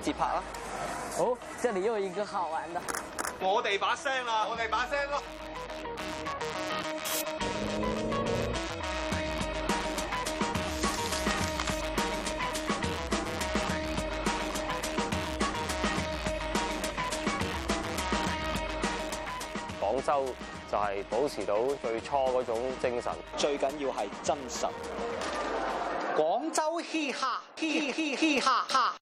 自拍啦！好，哦，這裏又有一個好玩的。我哋把聲啦，我哋把聲咯。廣州就係保持到最初嗰種精神，最緊要係真實。廣州嘻哈，嘻嘻嘻哈哈。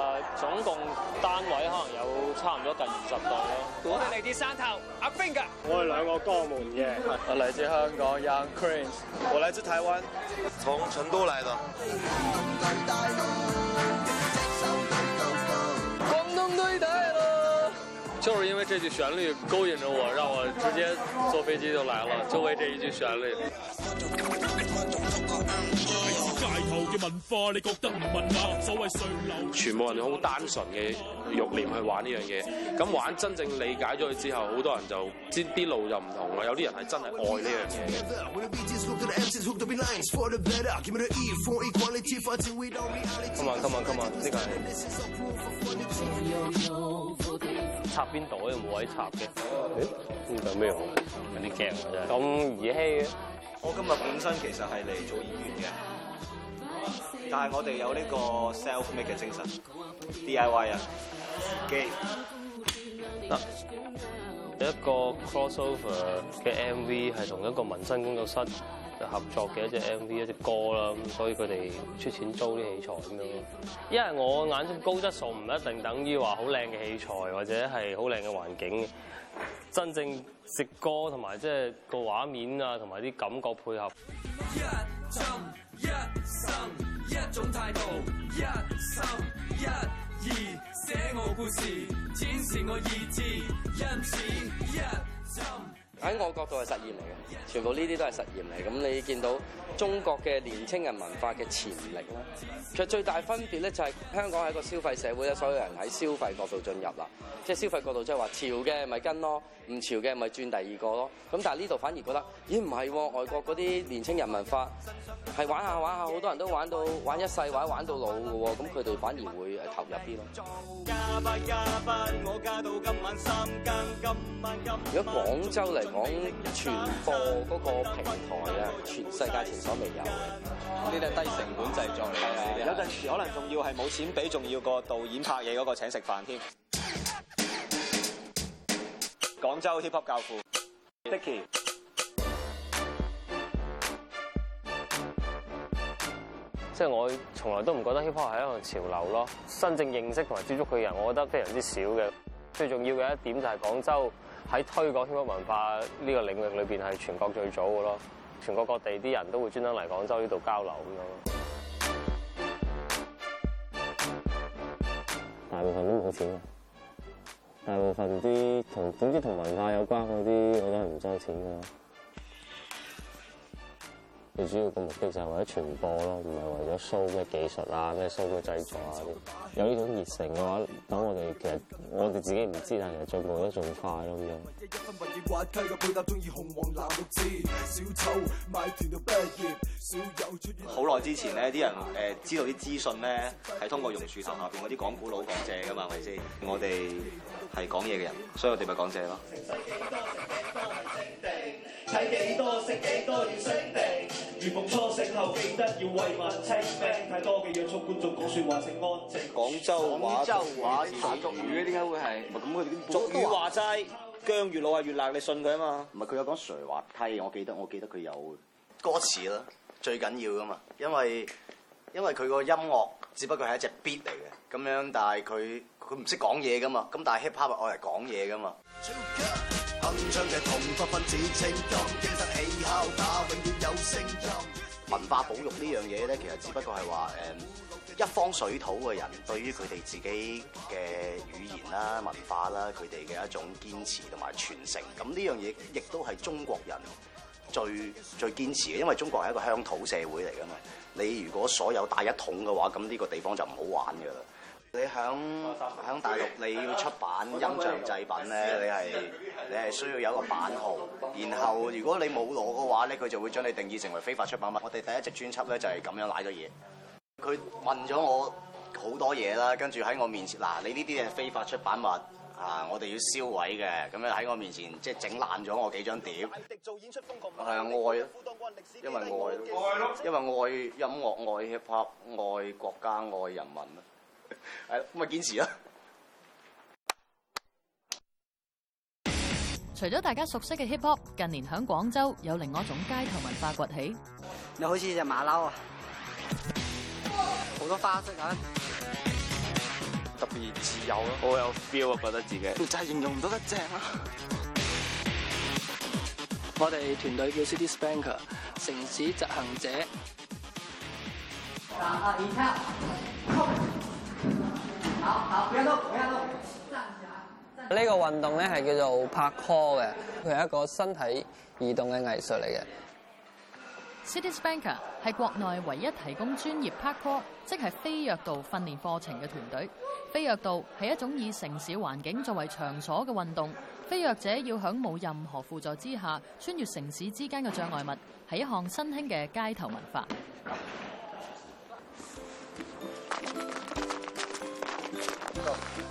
總共單位可能有差唔多二十個咯。我哋嚟啲山頭，阿冰㗎。我係兩個江門嘅，我嚟自香港 i crazy。我嚟自台灣，從成都嚟。廣東隊的。就是因為這句旋律勾引着我，讓我直接坐飛機就來了，就為這一句旋律。全部人好單純嘅欲念去玩呢樣嘢，咁玩真正理解咗佢之後，好多人就，知啲路就唔同啦。有啲人係真係愛呢樣嘢。Come on, come on, come on 插邊度？又冇位插嘅，誒、欸？呢個咩用？嗰啲夾啊真係咁兒戲嘅。我今日本身其實係嚟做演員嘅，但係我哋有呢個 self-made 嘅精神，DIY 啊，自己。嗱，有一個 crossover 嘅 MV 係同一個紋身工作室。合作嘅一隻 MV 一隻歌啦，咁所以佢哋出錢租啲器材咁樣。因為我眼中高質素唔一定等於話好靚嘅器材或者係好靚嘅環境，真正食歌同埋即係個畫面啊，同埋啲感覺配合。一喺我角度係實驗嚟嘅，全部呢啲都係實驗嚟。咁你見到中國嘅年青人文化嘅潛力咧，其實最大分別咧就係香港係個消費社會咧，所有人喺消費角度進入啦，即係消費角度即係話潮嘅咪跟咯，唔潮嘅咪轉第二個咯。咁但係呢度反而覺得，咦唔係外國嗰啲年青人文化係玩下玩下，好多人都玩到玩一世玩玩到老嘅喎。咁佢哋反而會投入啲咯。如果廣州嚟。講傳播嗰個平台啊，全世界前所未有嘅，呢啲係低成本製作嚟嘅。係啊，有陣時可能仲要係冇錢俾，仲要個導演拍嘢嗰個請食飯添。廣州 hip hop 教父 Dicky，即係我從來都唔覺得 hip hop 係一個潮流咯。真正認識同埋接觸佢嘅人，我覺得非常之少嘅。最重要嘅一點就係廣州。喺推廣香港文化呢個領域裏邊係全國最早嘅咯，全國各地啲人都會專登嚟廣州呢度交流咁樣咯。大部分都冇錢嘅，大部分啲同總之同文化有關嗰啲，我都係唔收錢㗎。最主要個目的就係為咗傳播咯，唔係為咗 show 嘅技術啊、咩 show 嘅製作啊，有呢種熱誠嘅話，等我哋其實我哋自己唔知道，但係進步得仲快咯咁樣。好耐之前咧，啲人誒知道啲資訊咧，係通過榕樹頭下面嗰啲講古佬講借噶嘛，係咪先？我哋係講嘢嘅人，所以我哋咪講借咯。如夢初醒後，記得要為萬清兵太多嘅約束，觀眾講説話請安靜。廣州話，廣州話，粵語點解會係？咁佢粵語話齋，姜越老係越辣，你信佢啊嘛？唔係佢有講誰話梯，我記得，我記得佢有歌詞啦，最緊要噶嘛，因為因為佢個音樂只不過係一隻 beat 嚟嘅，咁樣，但係佢佢唔識講嘢噶嘛，咁但係 hip hop 我嚟講嘢噶嘛。嘅打有文化保育呢樣嘢咧，其實只不過係話誒，一方水土嘅人對於佢哋自己嘅語言啦、文化啦，佢哋嘅一種堅持同埋傳承。咁呢樣嘢亦都係中國人最最堅持嘅，因為中國係一個鄉土社會嚟噶嘛。你如果所有大一統嘅話，咁呢個地方就唔好玩噶啦。你響響大陸你要出版音像製品咧，你係你係需要有一個版號，嗯、然後如果你冇攞嘅話咧，佢就會將你定義成為非法出版物。嗯、我哋第一隻專輯咧就係咁樣攋咗嘢。佢、嗯、問咗我好多嘢啦，跟住喺我面前嗱，你呢啲係非法出版物啊，我哋要銷毀嘅，咁樣喺我面前即係整爛咗我幾張碟。係啊，嗯、我愛，因為、愛、因為愛，因為我愛音樂，愛 hiphop，愛國家，愛人民係咁啊！堅持啊。除咗大家熟悉嘅 hip hop，近年喺廣州有另外一種街頭文化崛起。你好似隻馬騮啊！好多花式啊！特別自由啊，好有 feel 啊！覺得自己，得自己就係形容唔到得正啦、啊。 我哋團隊叫 City Spanker，城市執行者。來，一呢、這個運動咧係叫做 Parkour 嘅，佢係一個身體移動嘅藝術嚟嘅。City Spanker 係國內唯一提供專業 Parkour 即係飛躍道訓練課程嘅團隊。飛躍道係一種以城市環境作為場所嘅運動，飛躍者要響冇任何輔助之下穿越城市之間嘅障礙物，係一項新興嘅街頭文化。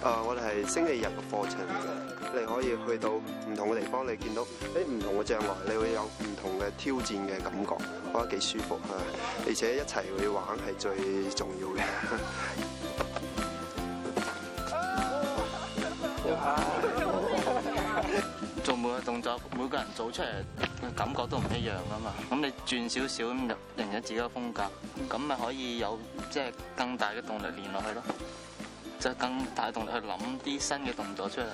啊！我哋係星期日嘅課程嚟嘅，你可以去到唔同嘅地方，你見到喺唔同嘅障礙，你會有唔同嘅挑戰嘅感覺，覺得幾舒服啊！而且一齊去玩係最重要嘅。 做每個動作，每個人做出嚟嘅感覺都唔一樣噶嘛。咁你轉少少咁就認咗自己嘅風格，咁咪可以有即係更大嘅動力練落去咯。就更大動力去諗啲新嘅動作出嚟。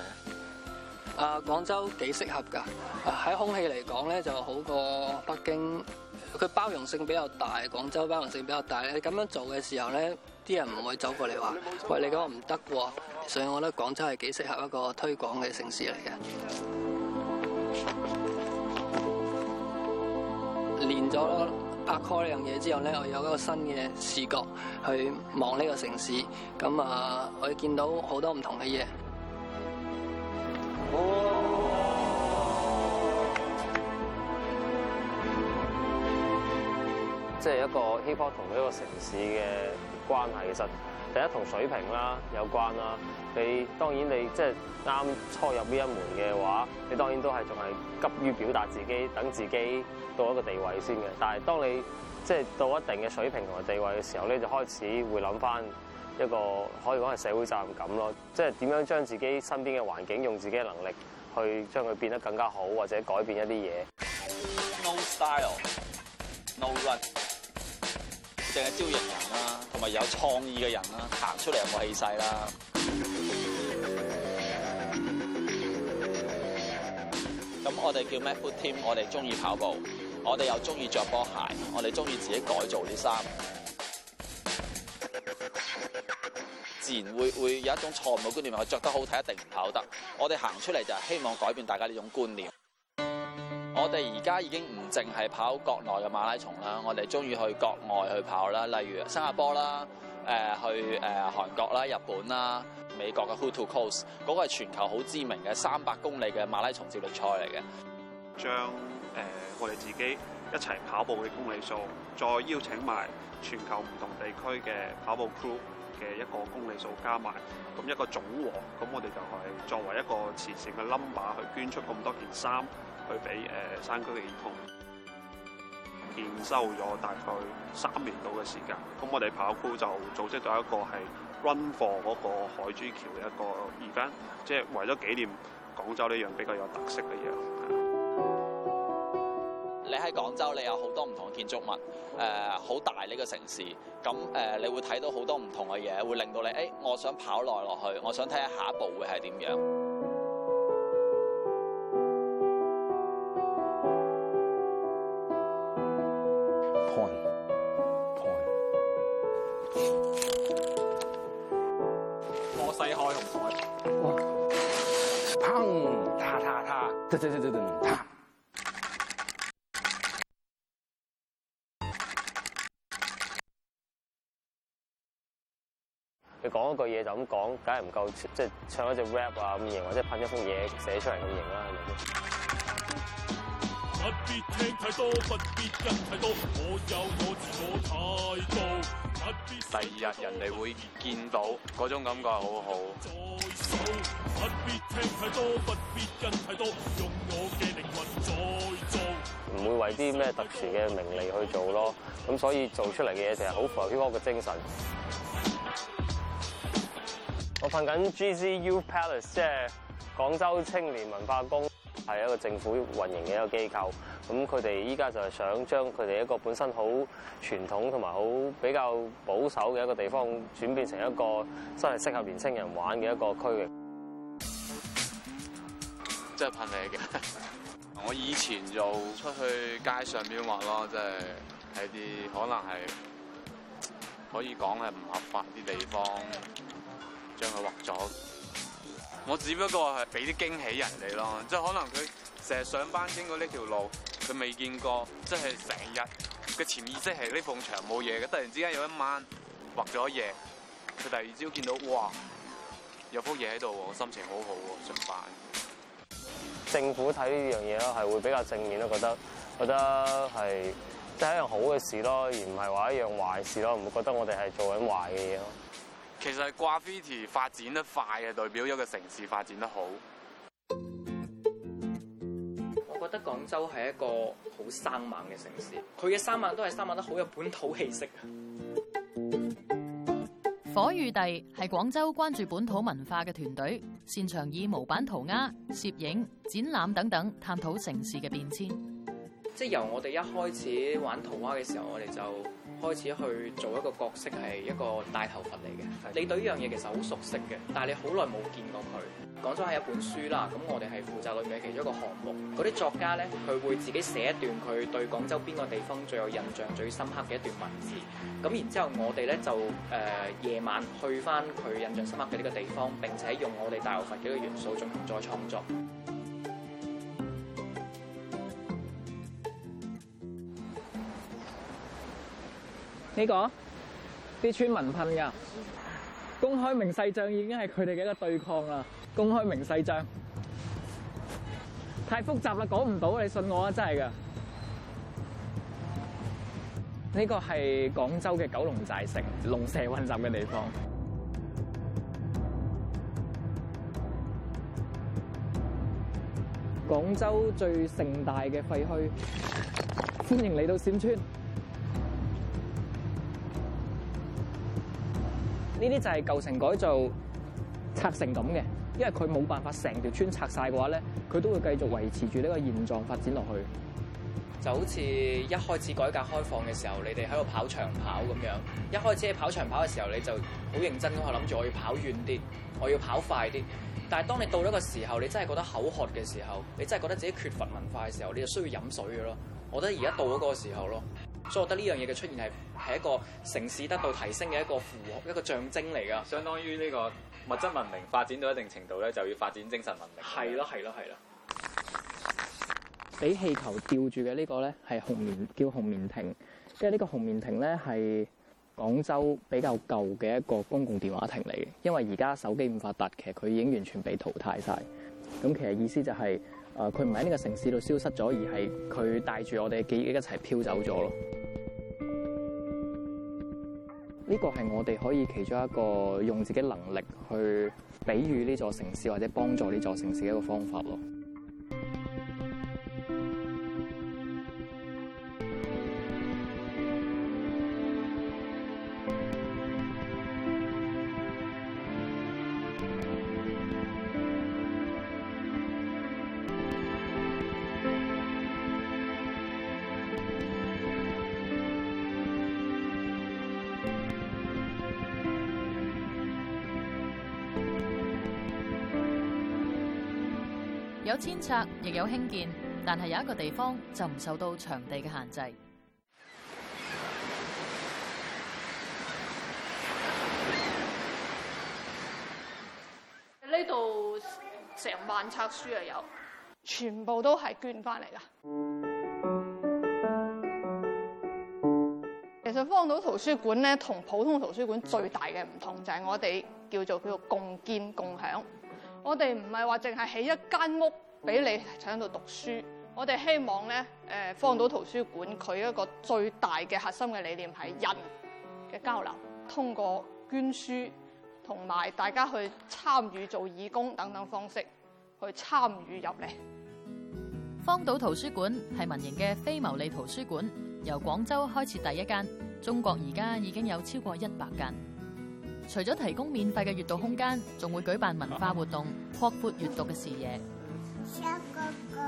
啊，廣州幾適合㗎？喺、啊、空氣嚟講咧，就好過北京。佢包容性比較大，廣州包容性比較大。你咁樣做嘅時候咧，啲人唔會走過嚟話，喂，你講唔得喎。所以我覺得廣州係幾適合一個推廣嘅城市嚟嘅。練咗拍拖呢樣嘢之後咧，我有一個新嘅視角去望呢個城市，咁啊，我見到好多唔同嘅嘢。即係一個 hiphop 同呢個城市嘅關係的，其實。第一同水平啦有關啦，你當然你即係啱初入呢一門嘅話，你當然都係仲係急於表達自己，等自己到一個地位先嘅。但係當你即係到一定嘅水平同埋地位嘅時候咧，你就開始會諗翻一個可以講係社會責任感咯，即係點樣將自己身邊嘅環境用自己嘅能力去將佢變得更加好，或者改變一啲嘢。No style, no 定係招型人啦，同埋有、有創意嘅人啦，行出嚟有冇氣勢啦？咁 我哋叫咩 Foot Team，我哋中意跑步，我哋又中意着波鞋，我哋中意自己改造啲衫， 自然會會有一種錯誤嘅觀念，話着得好睇一定唔跑得。我哋行出嚟就係希望改變大家呢種觀念。我哋而家已經唔淨係跑國內嘅馬拉松啦，我哋中意去國外去跑啦，例如新加坡啦、呃、去誒、呃、韓國啦、日本啦、美國嘅 Hood to Coast 嗰個係全球好知名嘅三百公里嘅馬拉松接力賽嚟嘅。將、呃、我哋自己一齊跑步嘅公里數，再邀請埋全球唔同地區嘅跑步 group 嘅一個公里數加埋，咁一個總和，咁我哋就係作為一個慈善嘅 number 去捐出咁多件衫。去俾誒、呃、山區嘅兒童，建修咗大概三年度嘅時間。咁我哋跑酷就組織咗一個係 Run for 嗰個海珠橋嘅一個 event，即係為咗紀念廣州呢樣比較有特色嘅嘢。你喺廣州，你有好多唔同嘅建築物，誒好大呢個城市，咁誒、呃、你會睇到好多唔同嘅嘢，會令到你誒、欸、我想跑耐落去，我想睇下下一步會係點樣。對對對對，你講一句嘢就咁講，梗係唔夠即係、就是、唱一隻 rap 啊咁型，或者噴一封嘢寫出嚟咁型啦。係咪先？第二日人哋會見到，嗰種感覺好好。唔會為啲咩特殊嘅名利去做咯，咁所以做出嚟嘅嘢就係好符合我嘅精神。我瞓緊 G Z U Palace，即係廣州青年文化宮。係一個政府運營嘅一個機構，咁佢哋依家就係想將佢哋一個本身好傳統同埋好比較保守嘅一個地方，轉變成一個真係適合年青人玩嘅一個區域。真係噴你嘅！ 我以前就出去街上邊畫咯，即係喺啲可能係可以講係唔合法啲地方，將佢畫咗。我只不過係俾啲驚喜人哋咯，即係可能佢成日上班經過呢條路，佢未見過，即係成日嘅潛意識係呢埲牆冇嘢嘅，突然之間有一晚畫咗一夜，佢第二朝見到哇，有幅嘢喺度喎，心情好好喎，上班。政府睇呢樣嘢咯，係會比較正面咯，覺得覺得係即係一樣好嘅事咯，而唔係話一樣壞事咯，唔會覺得我哋係做緊壞嘅嘢咯。其實係掛飛地發展得快，係代表一個城市發展得好。我覺得廣州係一個好生猛嘅城市，佢嘅生猛都係生猛得好有本土氣息。火與地係廣州關注本土文化嘅團隊，擅長以模板塗鴉、攝影、展覽等等，探討城市嘅變遷。即係由我哋一開始玩塗鴉嘅時候，我哋就，開始去做一個角色係一個大頭佛嚟嘅，你對呢樣嘢其實好熟悉嘅，但係你好耐冇見過佢。講咗係一本書啦，咁我哋係負責裏面嘅其中一個項目。嗰啲作家咧，佢會自己寫一段佢對廣州邊個地方最有印象、最深刻嘅一段文字。咁然之後我呢，我哋咧就呃、夜晚去翻佢印象深刻嘅呢個地方，並且用我哋大頭佛嘅元素進行再創作。呢、這個啲村民噴噶，公開明細帳已經係佢哋嘅一個對抗啦。公開明細帳太複雜啦，講唔到！你信我啊，真係噶。呢、這個係廣州嘅九龍寨城，龍蛇混雜嘅地方。廣州最盛大嘅廢墟，歡迎嚟到冼村。呢啲就係舊城改造拆成咁嘅，因為佢冇辦法成條村拆晒嘅話咧，佢都會繼續維持住呢個現狀發展落去。就好似一開始改革開放嘅時候，你哋喺度跑長跑咁樣。一開始跑長跑嘅時候，你就好認真咁喺度諗住我要跑遠啲，我要跑快啲。但係當你到咗個時候，你真係覺得口渴嘅時候，你真係覺得自己缺乏文化嘅時候，你就需要飲水嘅咯。我覺得而家到咗嗰個時候咯。所以我覺得呢樣嘢嘅出現係係一個城市得到提升嘅一個符合一個象徵嚟㗎。相當於呢個物質文明發展到一定程度咧，就要發展精神文明。係咯係咯係咯。俾氣球吊住嘅呢個咧係紅棉，叫紅棉亭。即係呢個紅棉亭咧係廣州比較舊嘅一個公共電話亭嚟嘅。因為而家手機唔發達，其實佢已經完全被淘汰晒。咁其實意思就係、是。啊！佢唔喺呢個城市度消失咗，而係佢帶住我哋嘅記憶一齊飄走咗咯。呢個係我哋可以其中一個用自己能力去比喻呢座城市，或者幫助呢座城市嘅一個方法咯。有遷拆，亦有興建，但係有一個地方就唔受到場地嘅限制。呢度成萬冊書啊有，全部都係捐翻嚟㗎。其實荒島圖書館咧，同普通圖書館最大嘅唔同就係、是、我哋叫做叫做共建共享。我哋唔係話淨係起一間屋俾你喺度讀書，我哋希望咧，誒，荒島圖書館佢一個最大嘅核心嘅理念係人嘅交流，通過捐書同埋大家去參與做義工等等方式去參與入嚟。荒島圖書館係民營嘅非牟利圖書館，由廣州開設第一間，中國而家已經有超過一百間。除咗提供免費嘅閱讀空間，仲會舉辦文化活動，擴闊閱讀嘅視野。小哥哥，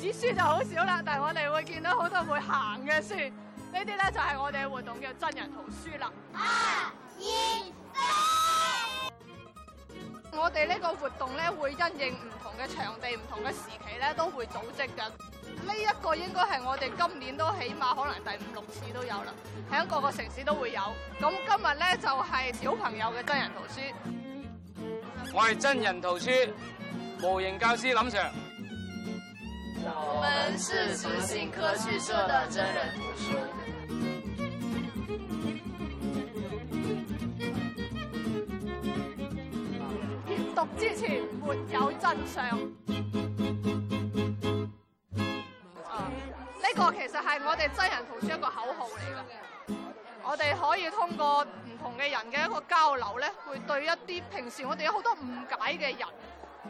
紙書就好少啦，但係我哋會見到好多會行嘅書，呢啲咧就係我哋嘅活動叫真人圖書啦、啊。二、我哋呢個活動咧會因應唔同嘅場地、唔同嘅時期咧都會組織嘅。呢、這、一個應該係我哋今年都起碼可能第五六次都有啦，喺各個城市都會有。咁今日咧就係小朋友嘅真人圖書，我係真人圖書模型教師林 Sir。我們是實心科學社的真人圖書。閱讀之前，沒有真相。其實係我哋真人圖書一個口號嚟嘅。我哋可以通過唔同嘅人嘅一個交流咧，會對一啲平時我哋有好多誤解嘅人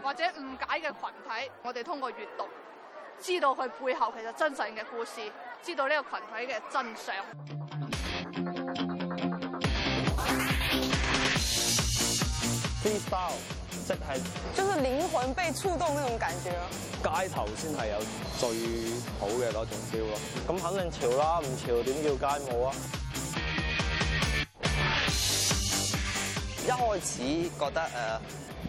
或者誤解嘅群體，我哋通過閱讀知道佢背後其實真實嘅故事，知道呢個群體嘅真相。即係，就是靈魂被觸動那種感覺。街頭先係有最好嘅嗰種 feel 咯，咁肯定潮啦，唔潮點叫街舞啊？一開始覺得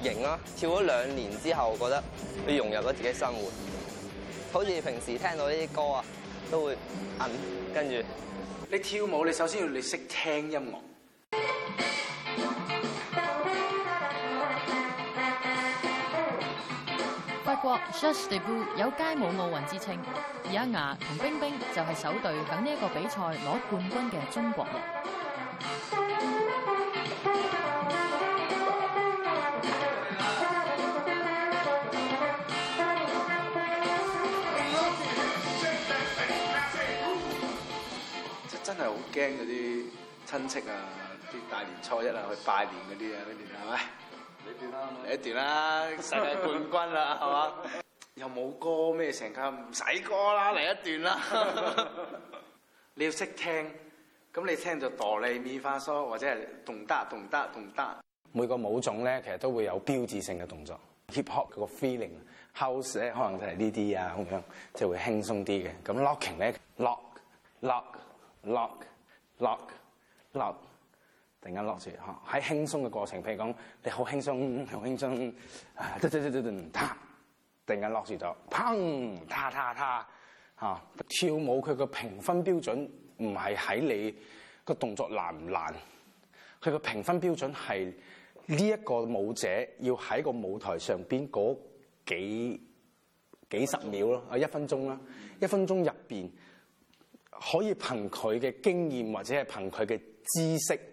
誒型啊，跳咗兩年之後覺得，你融入咗自己生活，好似平時聽到呢啲歌啊，都會摁、嗯、跟住。你跳舞你首先要你識聽音樂。國 Juste Debout 有街舞奧運之稱，而阿牙同冰冰就係首隊等呢一個比賽攞冠軍嘅中國人。即真係好驚嗰啲親戚啊，啲大年初一啊去拜年嗰啲啊，嗰啲係咪？嚟一段啦！世界冠軍啦，係嘛？又冇歌咩成間唔使歌啦，嚟一段啦！你要識聽，咁你聽就哆唻咪發嗦，或者係動得動得動得。每個舞種咧，其實都會有標誌性嘅動作。Hip Hop 個 feeling，House 咧可能就係呢啲啊，咁樣即係會輕鬆啲嘅。咁 Locking 咧，lock lock lock lock lock。突然間落住，嚇！喺輕鬆嘅過程，譬如講你好輕鬆，好輕鬆，嘟嘟嘟嘟嘟，突然間落住就砰，嗒嗒嗒，嚇！跳舞佢嘅評分標準唔係喺你個動作難唔難，佢嘅評分標準係呢一個舞者要喺個舞台上邊嗰幾，幾十秒咯，啊一分鐘啦，一分鐘入邊可以憑佢嘅經驗或者係憑佢嘅知識。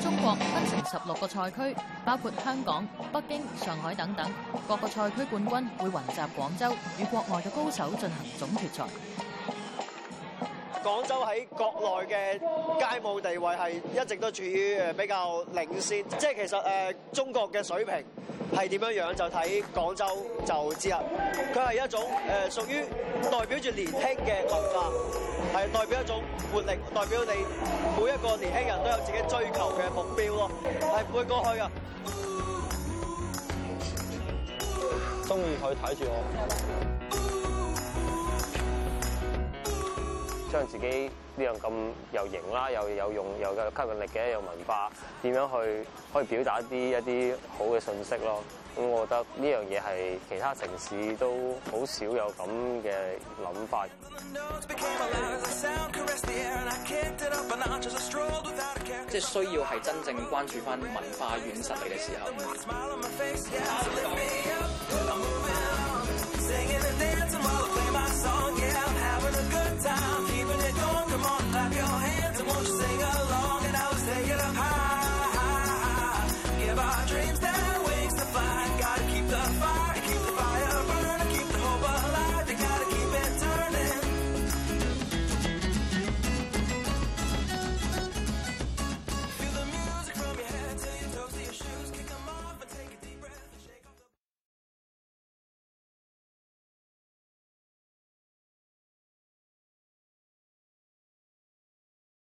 中國分成十六個賽區，包括香港、北京、上海等等，各個賽區冠軍會雲集廣州，與國外嘅高手進行總決賽。廣州喺國內嘅街舞地位係一直都處於比較領先，即係其實、呃、中國嘅水平係點樣就睇廣州就知啦。佢係一種誒屬於代表住年輕嘅文化，係代表一種活力，代表你每一個年輕人都有自己追求嘅目標咯，係唔會過去噶。中意可以睇住我。將自己呢樣咁又型啦，又有用，又有吸引力嘅有文化，點樣去可以表達一啲一啲好嘅信息咯？咁我覺得呢樣嘢係其他城市都好少有咁嘅諗法。即係、 就是、需要係真正關注返文化軟實力嘅時候。